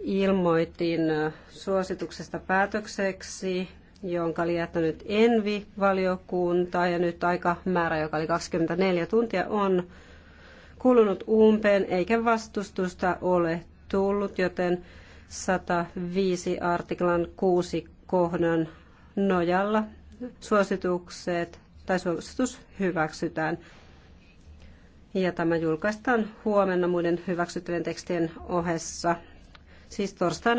ilmoitin suosituksesta päätökseksi, jonka oli jättänyt Envi-valiokunta ja nyt aika määrä, joka oli 24 tuntia, on kulunut umpeen eikä vastustusta ole tullut, joten 105 artiklan 6 kohdan nojalla suositukset tai suositus hyväksytään. Ja tämä julkaistaan huomenna muiden hyväksyttävien tekstien ohessa siis torstaina